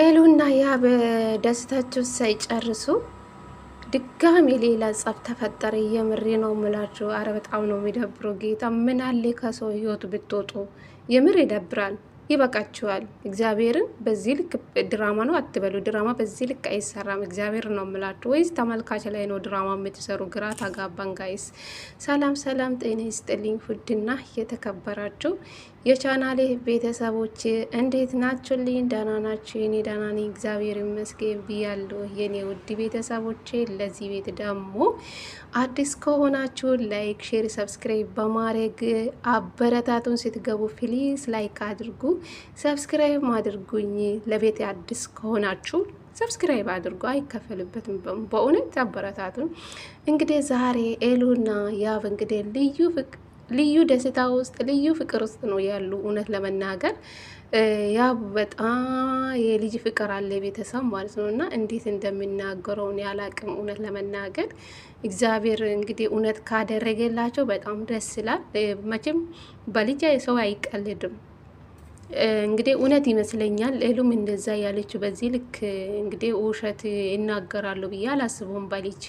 ኤሉና ያ በደስታቸው ሳይጨርሱ ድጋሚ ሌላ ጸብ ተፈጠረ። የምሬ ነው ምላችሁ። አረ በጣም ነው የሚደብረው። ጌታ ምን አለ ከሰው ህይወት ብትወጡ፣ የምር ይደብራል። ይበቃችኋል። እግዚአብሔርን በዚህ ልክ ድራማ ነው አትበሉ። ድራማ በዚህ ልክ አይሰራም። እግዚአብሔር ነው የምላችሁ ወይስ ተመልካች ላይ ነው ድራማ የምትሰሩ? ግራ ታጋባን ጋይስ። ሰላም ሰላም፣ ጤና ይስጥልኝ ውድና የተከበራችሁ የቻናሌ ቤተሰቦች እንዴት ናችሁልኝ? ደህና ናችሁ? የኔ ደህና ነኝ እግዚአብሔር ይመስገን ብያለሁ። የኔ ውድ ቤተሰቦቼ ለዚህ ቤት ደግሞ አዲስ ከሆናችሁ ላይክ፣ ሼር፣ ሰብስክራይብ በማድረግ አበረታቱን። ስትገቡ ፕሊዝ ላይክ አድርጉ። ሰብስክራይብ አድርጉኝ። ለቤት አዲስ ከሆናችሁ ሰብስክራይብ አድርጎ አይከፈልበትም። በእውነት አበረታቱ። እንግዲህ ዛሬ ኤሉና ያብ እንግዲህ ልዩ ልዩ ደስታ ውስጥ ልዩ ፍቅር ውስጥ ነው ያሉ። እውነት ለመናገር ያብ በጣም የልጅ ፍቅር አለ ቤተሰብ ማለት ነው። እና እንዴት እንደሚናገረውን ያላቅም እውነት ለመናገር እግዚአብሔር እንግዲህ እውነት ካደረገላቸው በጣም ደስ ይላል። መቼም በልጅ ሰው አይቀልድም። እንግዲህ እውነት ይመስለኛል። እህሉም እንደዛ ያለችው በዚህ ልክ እንግዲህ ውሸት ይናገራሉ ብዬ አላስቡም። ባልጅ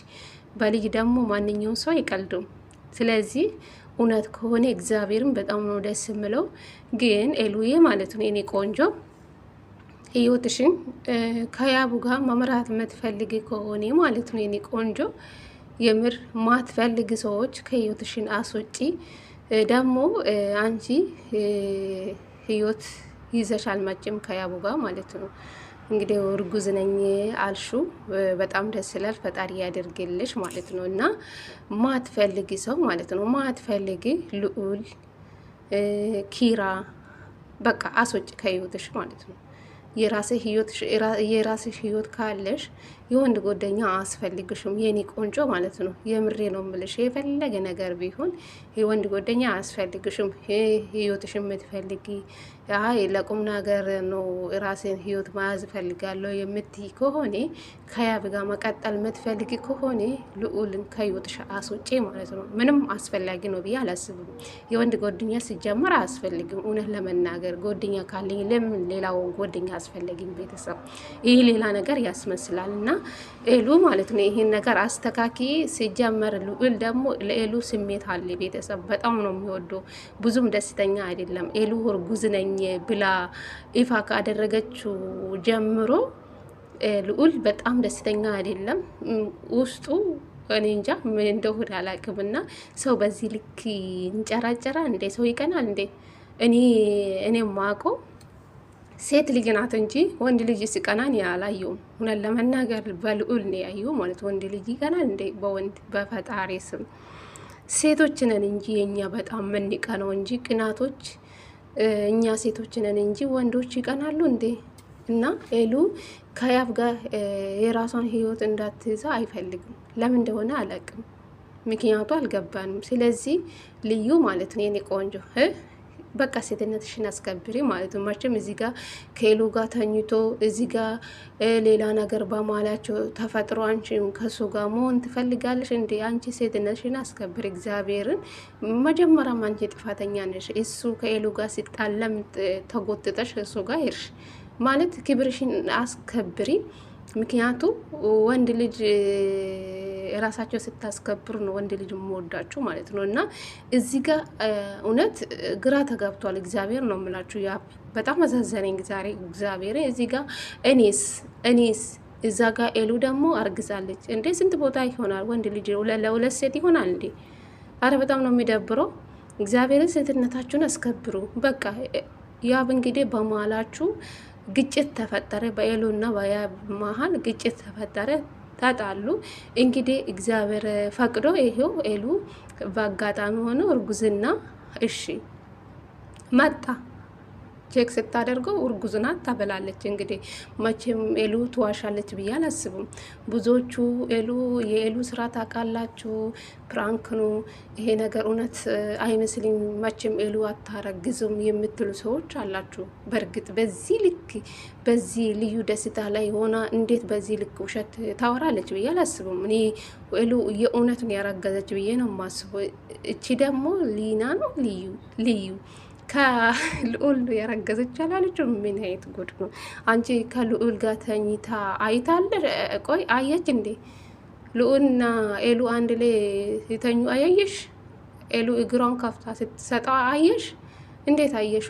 ባልጅ ደግሞ ማንኛውም ሰው አይቀልዱም። ስለዚህ እውነት ከሆነ እግዚአብሔርም በጣም ነው ደስ የምለው። ግን ኤሉዬ ማለት ነው የኔ ቆንጆ ህይወትሽን ከያቡ ጋር መምራት የምትፈልግ ከሆነ ማለት ነው የኔ ቆንጆ የምር ማትፈልግ ሰዎች ከህይወትሽን አስወጪ ደግሞ አንቺ ህይወት ይዘሻል መጭም ከያቡ ጋር ማለት ነው። እንግዲህ እርጉዝ ነኝ አልሹ በጣም ደስ ይላል። ፈጣሪ ያደርግልሽ ማለት ነው። እና ማትፈልጊ ሰው ማለት ነው ማትፈልጊ ልዑል ኪራ በቃ አስወጭ ከህይወትሽ ማለት ነው። የራስሽ ህይወት ካለሽ የወንድ ጓደኛ አያስፈልግሽም፣ የኔ ቆንጆ ማለት ነው። የምሬ ነው ምልሽ። የፈለገ ነገር ቢሆን የወንድ ጓደኛ አያስፈልግሽም። ህይወትሽ የምትፈልጊ አይ ለቁም ነገር ነው ራሴን ህይወት መያዝ ፈልጋለሁ የምትይ ከሆነ ከያብ ጋር መቀጠል የምትፈልግ ከሆነ ልዑልን ከህይወትሽ አስወጪ ማለት ነው። ምንም አስፈላጊ ነው ብዬ አላስብም። የወንድ ጓደኛ ሲጀመር አያስፈልግም። እውነት ለመናገር ጓደኛ ካለኝ ለምን ሌላው ጓደኛ አስፈለግም? ቤተሰብ ይህ ሌላ ነገር ያስመስላል። እና ኤሉ ማለት ነው ይህን ነገር አስተካኪ። ሲጀመር ልዑል ደግሞ ለኤሉ ስሜት አለ ቤተሰብ በጣም ነው የሚወደው ብዙም ደስተኛ አይደለም። ኤሉ እርጉዝ ነኝ ብላ ይፋ ካደረገችው ጀምሮ ልዑል በጣም ደስተኛ አይደለም። ውስጡ እኔ እንጃ ምን እንደሆነ አላቅምና ሰው በዚህ ልክ እንጨራጨራ እንዴ? ሰው ይቀናል እንዴ? እኔ እኔ ማቆ ሴት ልጅ ናት እንጂ ወንድ ልጅ ሲቀናን አላየውም። እውነት ለመናገር በልዑል ነው ያየው ማለት ወንድ ልጅ ይቀናል እንዴ? በወንድ በፈጣሪ ስም ሴቶችንን እንጂ የኛ በጣም ምንቀነው እንጂ ቅናቶች እኛ ሴቶች ነን እንጂ ወንዶች ይቀናሉ እንዴ? እና ኤሉ ከያፍ ጋር የራሷን ህይወት እንዳትይዛ አይፈልግም። ለምን እንደሆነ አላቅም ምክንያቱ አልገባንም። ስለዚህ ልዩ ማለት ነው የኔ ቆንጆ በቃ ሴትነትሽን አስከብሪ ማለት ነው። መቼም እዚህ ጋ ከሌሉ ጋ ተኝቶ እዚህ ጋ ሌላ ነገር በማላቸው ተፈጥሮ አንቺ ከሱ ጋ መሆን ትፈልጋለሽ እንዲ? አንቺ ሴትነትሽን አስከብሪ። እግዚአብሔርን መጀመሪያም አንቺ ጥፋተኛ ነሽ። እሱ ከሌሉ ጋ ሲጣለም ተጎትተሽ እሱ ጋ ሄድሽ ማለት ክብርሽን አስከብሪ። ምክንያቱ ወንድ ልጅ ራሳቸው ስታስከብር ነው ወንድ ልጅ የምወዳችሁ ማለት ነው። እና እዚህ ጋር እውነት ግራ ተጋብቷል። እግዚአብሔር ነው የምላችሁ። ያ በጣም አሳዘነኝ ዛሬ እግዚአብሔር። እዚህ ጋር እኔስ እኔስ እዛ ጋር ኤሉ ደግሞ አርግዛለች እንዴ! ስንት ቦታ ይሆናል ወንድ ልጅ ለሁለት ሴት ይሆናል እንዴ? አረ በጣም ነው የሚደብረው። እግዚአብሔርን ሴትነታችሁን አስከብሩ። በቃ ያብ እንግዲህ በመሀላችሁ ግጭት ተፈጠረ። በኤሎና በያብ መሀል ግጭት ተፈጠረ። ተጣሉ። እንግዲህ እግዚአብሔር ፈቅዶ ይሄው ኤሉ በአጋጣሚ ሆነ እርጉዝና እሺ መጣ። ቼክ ስታደርገው እርጉዝ ናት ታበላለች። እንግዲህ መቼም ኤሉ ትዋሻለች ብዬ አላስብም። ብዙዎቹ ኤሉ የኤሉ ስራ ታውቃላችሁ፣ ፕራንክ ነው ይሄ ነገር እውነት አይመስልኝ፣ መቼም ኤሉ አታረግዝም የምትሉ ሰዎች አላችሁ። በእርግጥ በዚህ ልክ በዚህ ልዩ ደስታ ላይ ሆና እንዴት በዚህ ልክ ውሸት ታወራለች ብዬ አላስብም። እኔ ኤሉ የእውነቱን ያረገዘች ብዬ ነው ማስበው። እቺ ደግሞ ሊና ነው ልዩ ልዩ ከልዑል የረገዘች አላለችም? ምን አይነት ጉድ ነው? አንቺ ከልዑል ጋር ተኝታ አይታለ? ቆይ አየች እንዴ? ልዑልና ኤሉ አንድ ላይ ሲተኙ አያየሽ? ኤሉ እግሯን ከፍታ ስትሰጠው አየሽ? እንዴት አየሹ?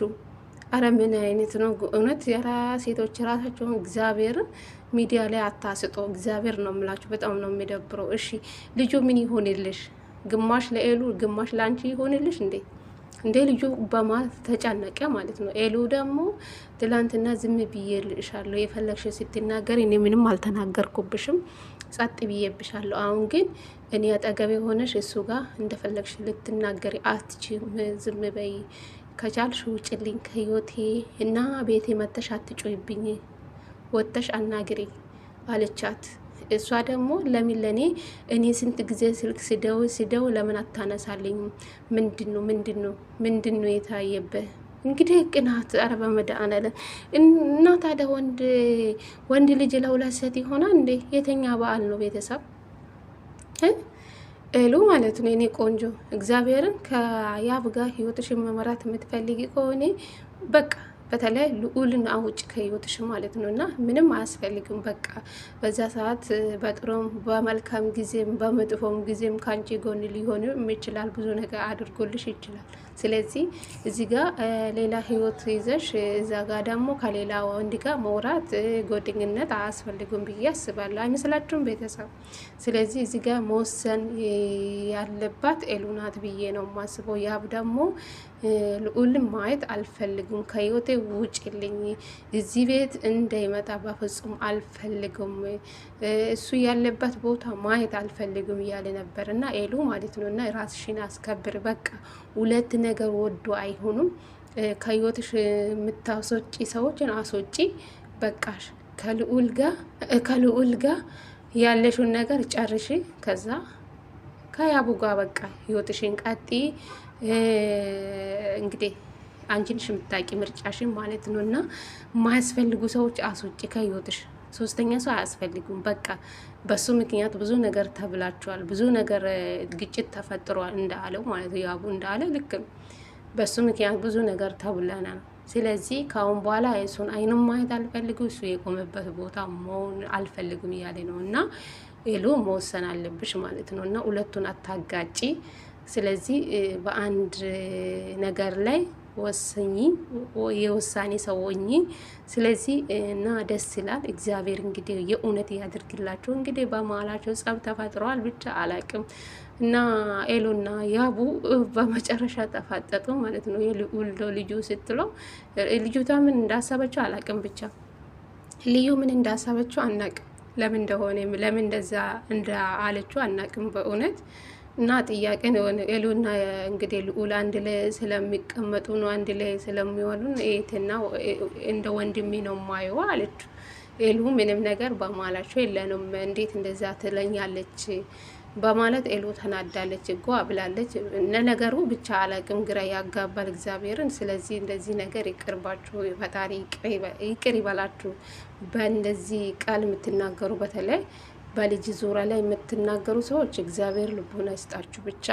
አረ ምን አይነት ነው እውነት! ያረ ሴቶች ራሳቸውን እግዚአብሔርን ሚዲያ ላይ አታስጦ። እግዚአብሔር ነው የምላችሁ፣ በጣም ነው የሚደብረው። እሺ ልጁ ምን ይሆንልሽ? ግማሽ ለኤሉ ግማሽ ለአንቺ ይሆንልሽ እንዴ? እንዴ ልጁ በማለት ተጨነቀ ማለት ነው። ኤሉ ደግሞ ትላንትና ዝም ብዬልሻለሁ የፈለግሽ ስትናገር እኔ ምንም አልተናገርኩብሽም ጸጥ ብዬብሻለሁ። አሁን ግን እኔ አጠገብ የሆነሽ እሱ ጋር እንደፈለግሽ ልትናገር አትችም። ዝም በይ ከቻልሽ ውጭልኝ ከህይወቴ እና ቤቴ መተሽ አትጮይብኝ፣ ወተሽ አናግሪ አለቻት። እሷ ደግሞ ለምን ለኔ እኔ ስንት ጊዜ ስልክ ስደው ስደው ለምን አታነሳልኝም? ምንድኑ ምንድኑ ምንድኑ የታየበት እንግዲህ ቅናት አረበ መዳን እና ታዲያ ወንድ ወንድ ልጅ ለሁለት ሴት ይሆናል እንዴ? የተኛ በዓል ነው ቤተሰብ እሉ ማለት ነው። እኔ ቆንጆ እግዚአብሔርን ከያብ ጋር ህይወትሽን መመራት የምትፈልጊ ከሆነ በቃ በተለይ ልዑልን አውጭ ከህይወትሽ ማለት ነው እና ምንም አያስፈልግም። በቃ በዛ ሰዓት በጥሩም በመልካም ጊዜም በመጥፎም ጊዜም ከአንቺ ጎን ሊሆን ይችላል። ብዙ ነገር አድርጎልሽ ይችላል። ስለዚህ እዚ ጋ ሌላ ህይወት ይዘሽ እዛ ጋ ደግሞ ከሌላ ወንድ ጋር መውራት ጓደኝነት አያስፈልጉም ብዬ አስባለሁ። አይመስላችሁም ቤተሰብ? ስለዚህ እዚ ጋ መወሰን ያለባት ኤሉናት ብዬ ነው ማስበው። ያብ ደግሞ ልዑልን ማየት አልፈልጉም፣ ከህይወቴ ውጭልኝ፣ እዚ ቤት እንዳይመጣ በፍጹም አልፈልጉም፣ እሱ ያለበት ቦታ ማየት አልፈልጉም እያለ ነበር እና ኤሉ ማለት ነው እና ራስሽን አስከብር በቃ ሁለት ነገር ወዶ አይሆኑም። ከህይወትሽ የምታስወጪ ሰዎችን አስወጪ። በቃሽ። ከልዑል ጋር ያለሽውን ነገር ጨርሽ። ከዛ ከያቡ ጋር በቃ ህይወትሽን ቀጢ። እንግዲህ አንቺንሽ የምታቂ ምርጫሽን ማለት ነው እና ማያስፈልጉ ሰዎች አስወጪ ከህይወትሽ። ሶስተኛ ሰው አያስፈልጉም። በቃ በሱ ምክንያት ብዙ ነገር ተብላችኋል፣ ብዙ ነገር ግጭት ተፈጥሯል እንዳለው ማለት ነው። ያቡ እንዳለ ልክ ነው። በሱ ምክንያት ብዙ ነገር ተብለናል። ስለዚህ ከአሁን በኋላ እሱን አይንም ማየት አልፈልግም፣ እሱ የቆመበት ቦታ መሆን አልፈልግም እያለ ነው እና ሄሎ መወሰን አለብሽ ማለት ነው እና ሁለቱን አታጋጪ። ስለዚህ በአንድ ነገር ላይ ወሰኝ የውሳኔ ሰው ስለዚህ እና ደስ ይላል። እግዚአብሔር እንግዲህ የእውነት ያድርግላቸው። እንግዲህ በመሀላቸው ጸብ ተፈጥረዋል ብቻ አላቅም እና ኤሎና ያቡ በመጨረሻ ተፋጠጡ ማለት ነው። የውልዶ ልጁ ስትለው ልጁቷ ምን እንዳሰበችው አላቅም ብቻ ልዩ ምን እንዳሰበችው አናቅም። ለምን እንደሆነ ለምን እንደዛ እንዳለችው አናቅም በእውነት እና ጥያቄ ኤሉና እንግዲህ ልዑል አንድ ላይ ስለሚቀመጡ ነው አንድ ላይ ስለሚሆኑ ትና እንደ ወንድሜ ነው ማየው አለች። ኤሉ ምንም ነገር በማላቸው የለንም እንዴት እንደዛ ትለኛለች በማለት ኤሉ ተናዳለች። እጎ አብላለች ነገሩ ብቻ አላቅም፣ ግራ ያጋባል እግዚአብሔርን። ስለዚህ እንደዚህ ነገር ይቅርባችሁ፣ ፈጣሪ ይቅር ይበላችሁ። በእንደዚህ ቃል የምትናገሩ በተለይ በልጅ ዙሪያ ላይ የምትናገሩ ሰዎች እግዚአብሔር ልቦና ይስጣችሁ ብቻ።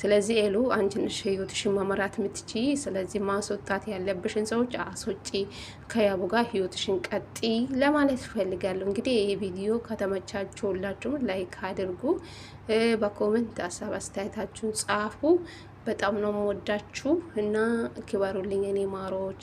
ስለዚህ ኤሉ አንቺ ነሽ ህይወትሽን መመራት የምትችይ። ስለዚህ ማስወጣት ያለብሽን ሰዎች አስወጪ፣ ከያቡ ጋር ህይወትሽን ቀጢ ለማለት ይፈልጋለሁ። እንግዲህ ይህ ቪዲዮ ከተመቻችሁ ሁላችሁም ላይክ አድርጉ፣ በኮመንት ሀሳብ አስተያየታችሁን ጻፉ። በጣም ነው የምወዳችሁ እና ክበሩልኝ፣ እኔ ማሮች